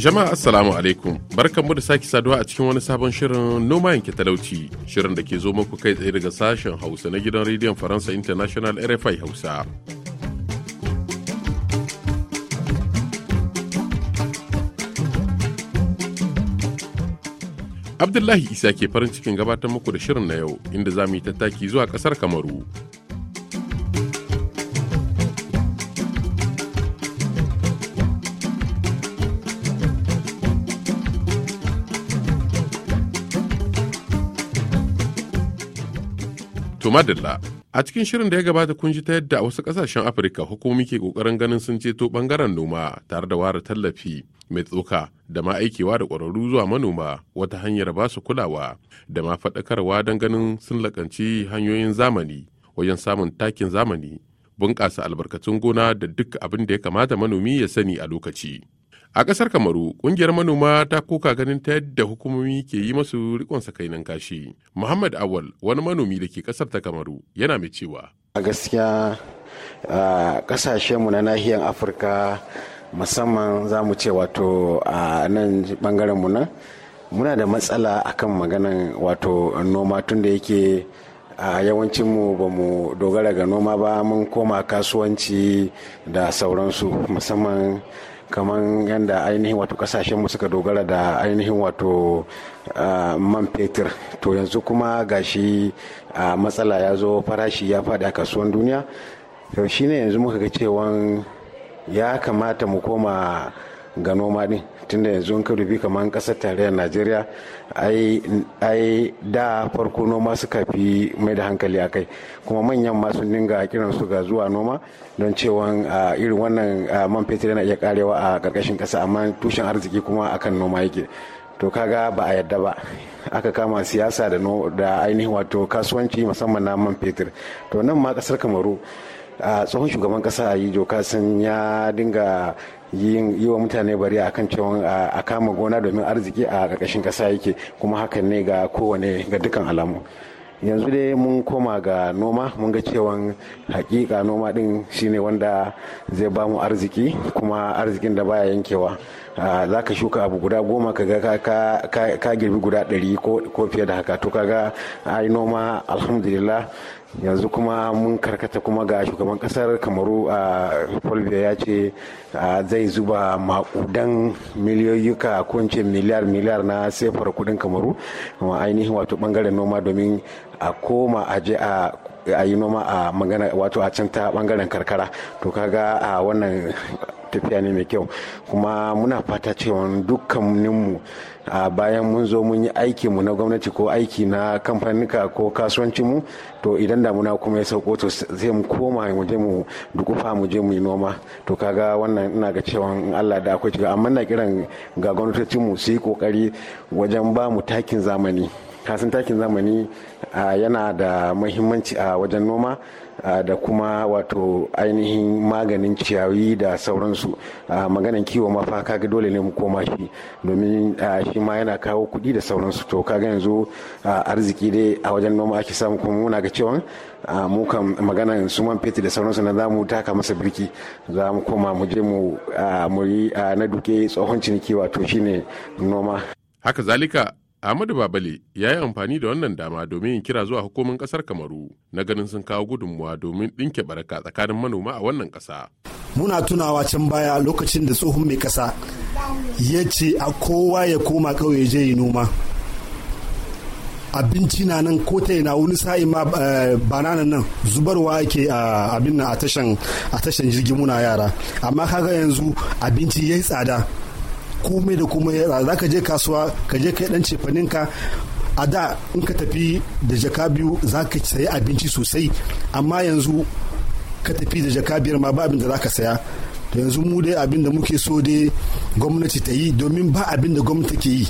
Jama'a Assalamu alaikum barkan mu da sake saduwa a cikin wani sabon shirin noma yanke talauci shirin da ke zo muku kai tsaye daga sashen Hausa na gidan rediyon Faransa International RFI Hausa. Abdullahi Isa ke farin cikin gabatar muku da shirin na yau inda za mu yi tattaki zuwa kasar Kamaru To madalla, a cikin shirin da ya gabata kun ji ta yadda a wasu kasashen Afirka hukumomi ke kokarin ganin sun ceto bangaren noma tare da ware tallafi mai tsoka da ma aikewa da ƙwararru zuwa manoma wata hanyar ba su kulawa da ma faɗakarwa don ganin sun lakanci hanyoyin zamani wajen samun takin zamani bunƙasa albarkatun gona da duk abin da ya kamata manomi ya sani a lokaci. A ƙasar Kamaru, kungiyar manoma ta koka ganin ta yadda hukumomi ke yi masu rikon sakainin kashi. Muhammad Awal, wani manomi da ke kasar ta Kamaru, yana mai cewa. A gaskiya mu na nahiyar Afirka musamman za mu ce wato a nan mu nan muna da matsala a kan maganan wato noma tun da yake a yawancin mu ba mu dogara ga noma ba mun koma kasuwanci da sauransu musamman kamar yadda ainihin wato kasashenmu suka dogara da ainihin wato man fetur to yanzu kuma gashi matsala ya zo farashi ya faɗi a kasuwan duniya to shine yanzu muka ga cewa ya kamata mu koma ga noma din tunda yanzu in ka rubi kamar kasar tarayyar najeriya ai da farko noma suka fi mai da hankali a kai kuma manyan masu dinga kiran su ga zuwa noma don cewa irin wannan man fetur yana iya karewa a karkashin kasa amma tushen arziki kuma akan noma yake to kaga ba a yadda ba aka kama siyasa da ainihin wato kasuwanci musamman na man fetur to nan ma kasar kamaru a tsohon shugaban kasa yi doka sun ya dinga yi wa mutane bari a kan cewa a kama gona domin arziki a ƙarƙashin kasa yake kuma hakan ne ga kowane ga dukkan alamu yanzu dai mun koma ga noma mun ga cewa hakika noma din shine wanda zai bamu arziki kuma arzikin da baya yankewa za ka shuka abu guda goma ka ka girbi guda ɗari ko fiye da haka to kaga ai noma alhamdulillah yanzu kuma mun karkata kuma ga shugaban kasar kamaru a fulbiya ya ce zai zuba makudan miliyoyuka ko miliyar miliyar na sefar kudin kamaru kuma ainihin wato bangaren noma domin a koma a je a a yi noma a magana wato a can ta bangaren karkara to kaga a wannan tafiya ne mai kyau kuma muna fata cewa dukkaninmu a bayan mun zo mun yi aiki mu na gwamnati ko aiki na kamfanika ko kasuwanci mu to idan damuna kuma ya sauko to sai mu koma mu je mu dukufa mu je mu yi noma to kaga wannan ina ga cewa in Allah da akwai shiga amma na kiran ga gwamnatocin mu su yi kokari wajen ba mu takin zamani kasan takin zamani yana da mahimmanci a wajen noma da kuma wato ainihin maganin ciyayi da sauransu maganin kiwo ma fa kaga dole ne mu koma shi domin shi ma yana kawo kuɗi da sauransu to kaga yanzu arziki dai a wajen noma ake samu kuma muna ga cewa mu kan magana su man fetur da sauransu na zamu taka masa birki za mu koma mu je mu yi na duke tsohon ciniki wato shine noma haka zalika Ahmadu Babale ya yi amfani da wannan dama domin yin kira zuwa hukumin kasar Kamaru na ganin sun kawo gudunmuwa domin ɗinke baraka tsakanin manoma a wannan ƙasa. Muna tunawa can baya lokacin da tsohon mai ƙasa ya ce a kowa ya koma ƙauye je yi noma. Abinci na nan ko ta yana wani sa'in ma eh, banana nan zubarwa ake abin nan a tashan jirgin muna yara amma kaga yanzu abinci ya yi tsada komai da kuma za ka je kasuwa ka je kai dan cefaninka a da in ka tafi da jaka biyu za ka sayi abinci sosai amma yanzu ka tafi da jaka biyar ma ba abin da za ka saya to yanzu mu dai abin da muke so dai gwamnati ta yi domin ba abin da gwamnati ke yi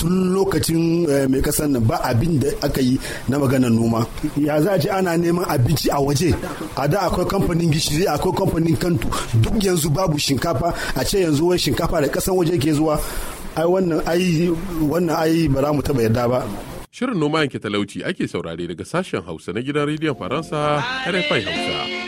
tun lokacin eh, mai kasan nan ba abin da aka yi na maganar noma ya za ji ana neman abinci a waje a da akwai kamfanin gishiri akwai kamfanin kantu duk yanzu babu shinkafa a ce yanzu wai shinkafa da kasan waje ke zuwa ai wannan ai wannan ba za mu taba yarda ba Shirin noma yanke talauci ake saurare daga sashen Hausa na gidan rediyon Faransa RFI Hausa.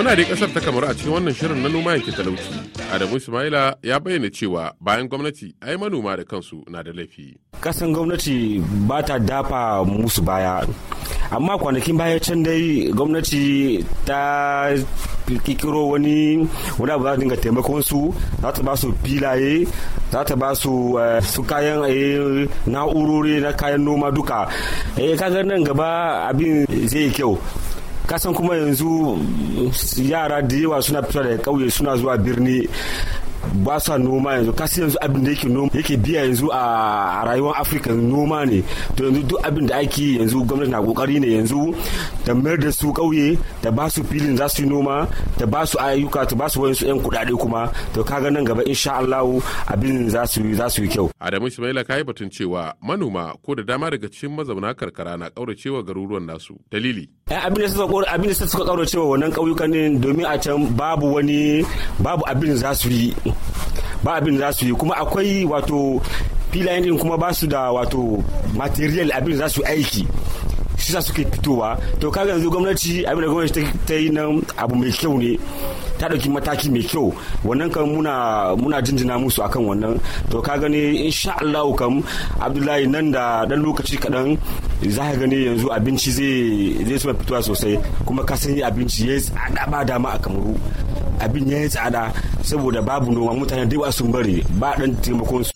Muna da kasar ta kamar a cikin wannan shirin na noma yake talauci. Adamu Ismaila ya bayyana cewa bayan gwamnati ai manoma da kansu na da laifi. Kasan gwamnati ba ta dafa musu baya. Amma kwanakin baya can dai gwamnati ta kikiro wani wani abu za dinga taimakon su za ta ba su filaye za ta ba su eh, kayan eh, na'urori na kayan noma duka. Eh kaga nan gaba abin zai kyau. kasan kuma yanzu yara da yawa suna fita daga ƙauye suna zuwa birni ba sa noma yanzu kasi yanzu abin da yake noma yake biya yanzu a rayuwar afirka noma ne to yanzu duk abin da ake yanzu gwamnati na kokari ne yanzu ta mayar da su kauye da ba su filin za su yi noma da ba su ayyuka ta ba su wayansu yan kudade kuma to kaga nan gaba insha Allah abin za su yi za su yi kyau Adamu Ismaila kai batun cewa manoma ko da dama daga cikin mazauna karkara na kauracewa garuruwan nasu dalili eh, abin da suka abin da suka kauracewa wannan kauyukan ne domin a can babu wani babu abin za su yi ba abin za su yi kuma akwai wato filayen din kuma ba su da wato material abin za su aiki shi sa suke fitowa to kaga yanzu gwamnati abin da gwamnati ta yi nan abu mai kyau ne ta ɗauki mataki mai kyau wannan kan muna muna jinjina musu akan wannan to ka gani insha Allah kam Abdullahi nan da dan lokaci kaɗan za ka gani yanzu abinci zai zai suna fitowa sosai kuma ka san abinci yi tsada ba dama a kamaru abin yi tsada saboda babu noma mutane da yawa sun bari ba dan taimakon su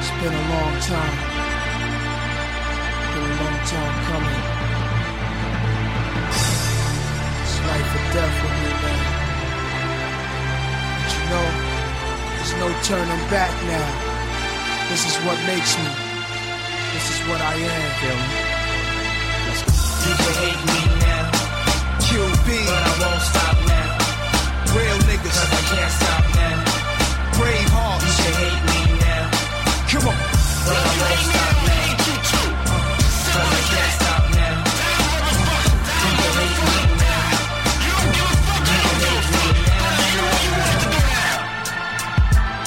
It's been a long time. turn them back now. This is what makes me. This is what I am. You hate me,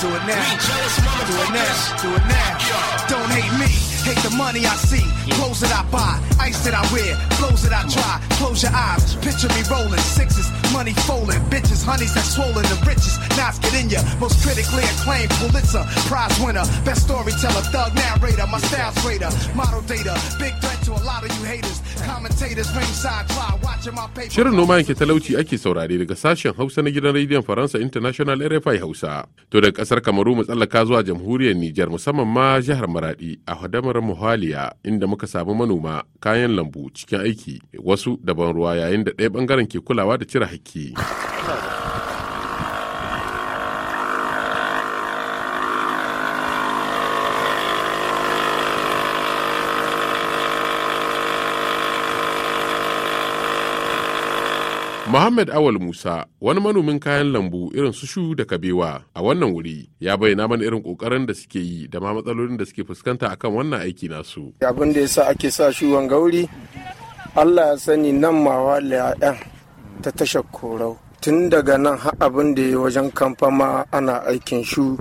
Do it now. Do it now. Do it now. Don't hate me. Take the money I see, clothes that I buy, ice that I wear, clothes that I try. Close your eyes, picture me rolling sixes, money folding, bitches, honeys that swollen, the richest knives get in ya. Most critically acclaimed Pulitzer Prize winner, best storyteller, thug narrator, my style's greater, model data, big threat to a lot of you haters, commentators ringside try watching my paper. Shirin noma yanke talauci ake saurare daga sashen Hausa na gidan rediyon Faransa International RFI Hausa. To da kasar Kamaru mu tsallaka zuwa jamhuriyar Nijar musamman ma jihar Maradi a hadama gundumar muhaliya inda muka samu manoma kayan lambu cikin aiki wasu daban ruwa yayin da ɗaya bangaren ke kulawa da cire hakki. Muhammad Awal Musa wani manomin kayan lambu irin su shu da kabewa a wannan wuri ya bayyana mana irin kokarin da suke yi da ma matsalolin da suke fuskanta akan wannan aiki nasu. Abin da yasa ake sa shu wanga Allah ya sani nan mawa la'yan ta tashar korau tun daga nan har abin da ya wajen kamfama ana aikin shu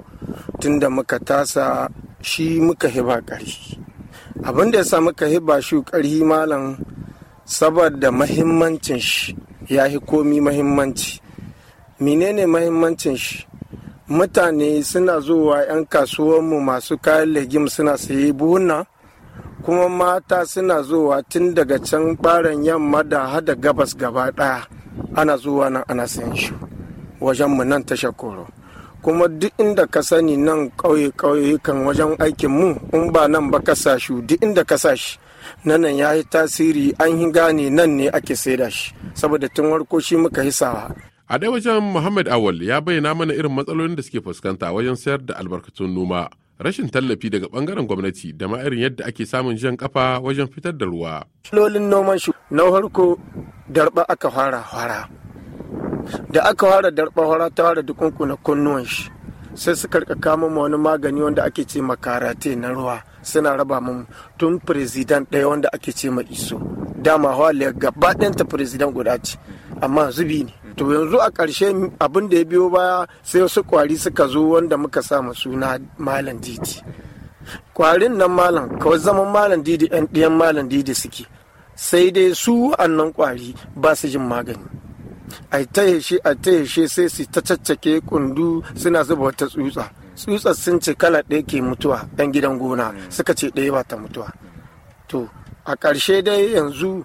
tun da muka tasa shi muka hiba ƙarfi abin da ya sa muka hiba shu ƙarfi malam saboda mahimmancin shi ya yi komi mahimmanci menene mahimmancin shi mutane suna zuwa 'yan kasuwanmu masu kayan legim suna sayi buhuna kuma mata suna zuwa tun daga can ɓaran yamma da hada gabas gaba ɗaya ana zuwa nan ana sayan shi wajenmu nan tashar koro kuma duk inda ka sani nan ƙauye-ƙauye kan wajen aikinmu in ba nan ba ka duk inda ka shi nanan ya yi tasiri an yi gane nan ne ake saida shi saboda tun warko shi muka hisawa a dai wajen muhammad awal ya bayyana mana irin matsalolin da suke fuskanta wajen sayar da albarkatun noma rashin tallafi daga bangaren gwamnati da ma irin yadda ake samun jan kafa wajen fitar da ruwa lolin noman shi na harko darba aka fara fara da aka fara darba fara ta fara dukunkuna kunnuwan shi sai suka karka kama wani magani wanda ake ce makarate na ruwa suna raba mun tun firizidan ɗaya wanda ake ce ma iso dama hawaliyar gaba ɗanta firizidan guda ce amma zubi ne to yanzu a ƙarshe abin da ya biyo baya sai wasu kwari suka zo wanda muka sa masu suna malam didi kwarin nan malam kawai zaman malam didi yan ɗiyan malam didi suke sai dai su annan kwari ba su jin magani a ta a ta yaushe sai su ta caccake kundu suna zuba wata tsutsa tsutsar sun ce kala ɗaya ke mutuwa ɗan gidan gona mm. suka ce ɗaya ba ta mutuwa to a ƙarshe dai yanzu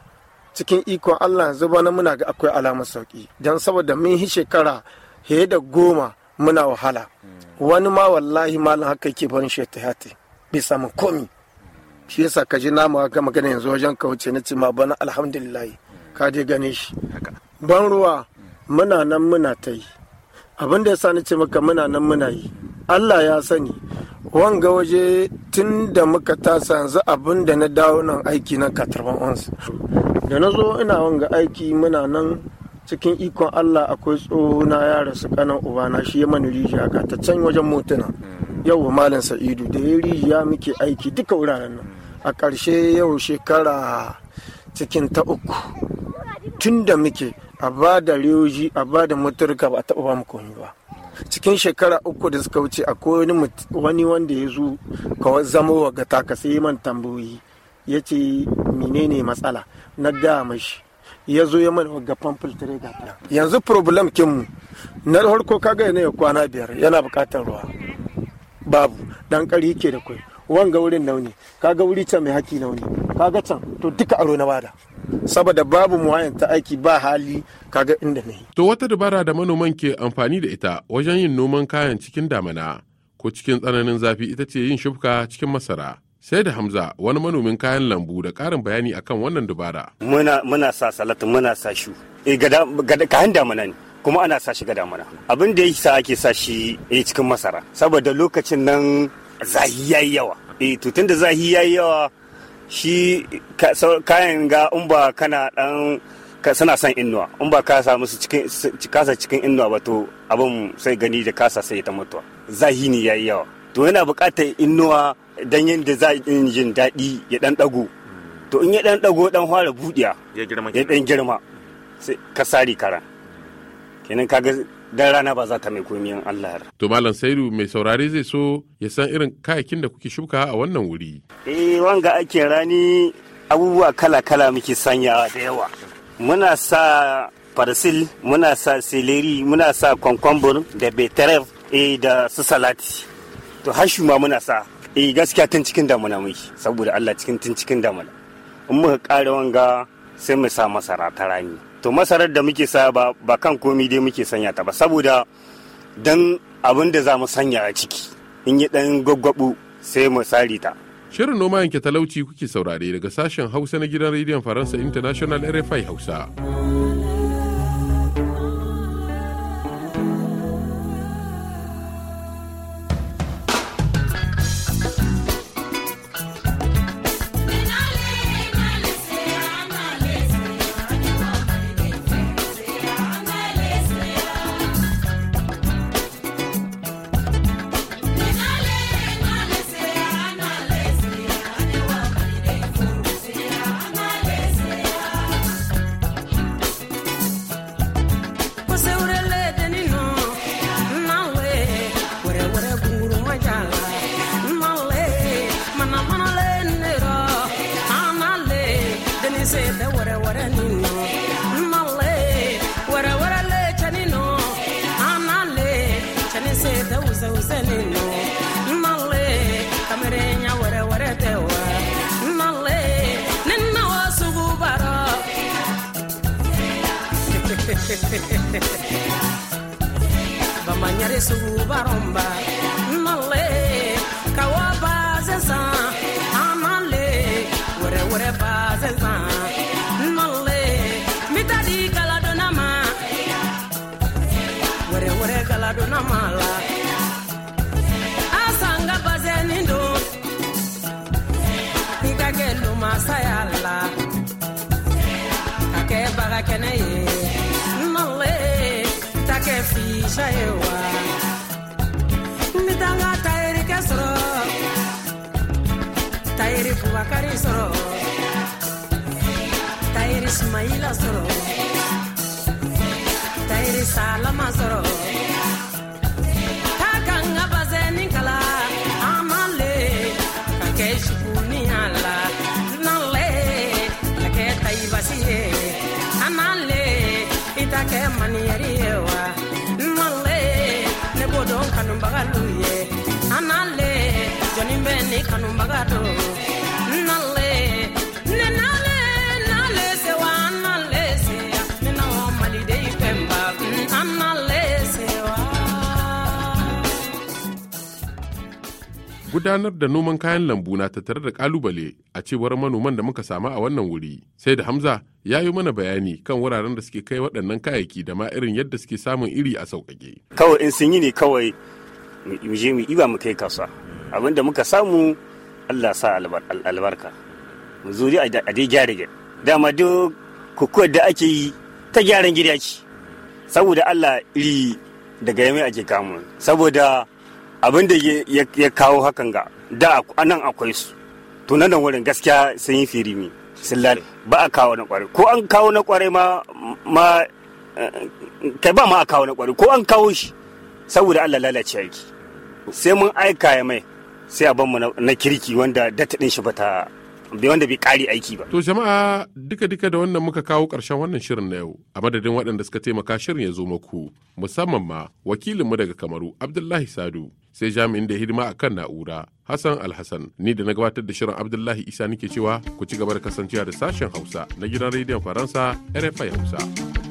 cikin ikon allah yanzu bana muna ga akwai alamar sauƙi. don saboda mun yi shekara he da goma muna wahala mm. wani ma wallahi malam haka yake barin shi ta hati bai samu komi shi yasa ka ji nama ga magana yanzu wajen ka wuce na ce ma bana alhamdulillah ka je gane shi ban ruwa mm. muna nan muna ta yi abin da yasa ni ce maka muna nan muna yi allah ya sani wanga waje tun da muka tasa yanzu abin da na dawo nan aiki na katarban onsu da na zo ina wanga aiki muna nan cikin ikon allah akwai tsohona ya rasu kanan ubana shi ya mani rijiya ga ta can wajen motuna mm. yau malam sa'idu da ya rijiya muke aiki duka wuraren nan a ƙarshe yau shekara cikin ta uku tun da muke a ba da riyoji a ba da muturka ba a taɓa ba mu komi ba cikin shekara uku da suka wuce akwai wani wanda ya zo ka zamo wa gata ka sai man tambayoyi ya ce menene matsala na gaya mashi ya zo ya mana ga filtire gata yanzu problem kinmu na harko kaga yana kwana biyar yana bukatar ruwa babu dan kari yake da kwai wanga wurin nauni kaga wuri can mai haki nauni kaga can to duka aro na bada saboda babu muwayan ta aiki ba hali kaga inda ne to wata dabara da manoman ke amfani da ita wajen yin noman kayan cikin damana ko cikin tsananin zafi ita ce yin shufka cikin masara sai da hamza wani manomin kayan lambu da karin bayani akan wannan dubara muna muna sa salatu muna sa shu eh, gada gada kayan damana ne kuma ana sa shi ga damana abin da yake sa ake sa shi eh, cikin masara saboda lokacin nan zahi yi yawa e to tunda zahi yi yawa shi kayan ga in ba kana dan ka son inuwa in ba ka musu kasa cikin inuwa ba to abin sai gani da kasa sai ta mutuwa zahi ne yi yawa to yana buƙatar inuwa dan yadda za jin daɗi ya dan dago to in ya dan dago dan fara buɗiya ya dan girma sai ka sari karan kenan kaga dan rana ba za ta mai komiyan Allah. To Malam Saidu mai saurare zai so ya san irin kayakin da kuke shuka a wannan wuri. Eh wanga ake rani abubuwa kala-kala muke sanyawa da yawa. Muna sa farsil, muna sa seleri, muna sa kwankwambur da betaref e eh, da su salati. To hashu ma muna sa. Eh gaskiya tun cikin damuna muke saboda Allah cikin tun cikin damuna. In muka kare wanga sai mu sa masara ta rani. to masarar da muke sa ba ba kan komi dai muke sanya ta ba saboda dan abin da za mu sanya a ciki in yi dan gwaggwabu sai mu sari ta Shirin noma yanke talauci kuke saurare daga sashen Hausa na gidan rediyon Faransa International RFI Hausa. bamanyare sugu baromba ewa nbɛ ka tayirikɛ sɔrɔ tayiri bubakari sɔrɔ tayiri salama sɔrɔ ne kanubaga nale ne nale nale se wa nale se ne na gudanar da noman kayan lambu na tattare da kalubale a cewar manoman da muka samu a wannan wuri sai da hamza ya yi mana bayani kan wuraren da suke kai waɗannan kayayyaki da ma irin yadda suke samun iri a sauƙaƙe kawai in sun yi ne kawai mu je mu iba mu kai kasuwa da muka samu Allah sa albarka mu zuri a dai gyara gida dama duk kukuwar da ake yi ta gyaran gida ce saboda Allah iri daga yamai ake kamu saboda abin da ya kawo hakan ga da anan akwai su to nan wurin gaskiya sun yi firimi sillari ba a kawo na kwarai ko an kawo na kwarai ma ma eh, kai ba ma a kawo na kwarai ko an kawo shi saboda Allah lalace aiki. sai mun aika ya mai sai a mu na kirki wanda data din shi bata bai wanda bai kare aiki ba. To jama'a duka duka da wannan muka kawo ƙarshen wannan shirin na yau a madadin waɗanda suka taimaka shirin ya zo maku musamman ma wakilinmu daga Kamaru Abdullahi Sadu sai jami'in da hidima akan na'ura Hassan Alhassan ni da na gabatar da shirin Abdullahi Isa nake cewa ku ci gaba da kasancewa da sashen Hausa na gidan rediyon Faransa RFI Hausa.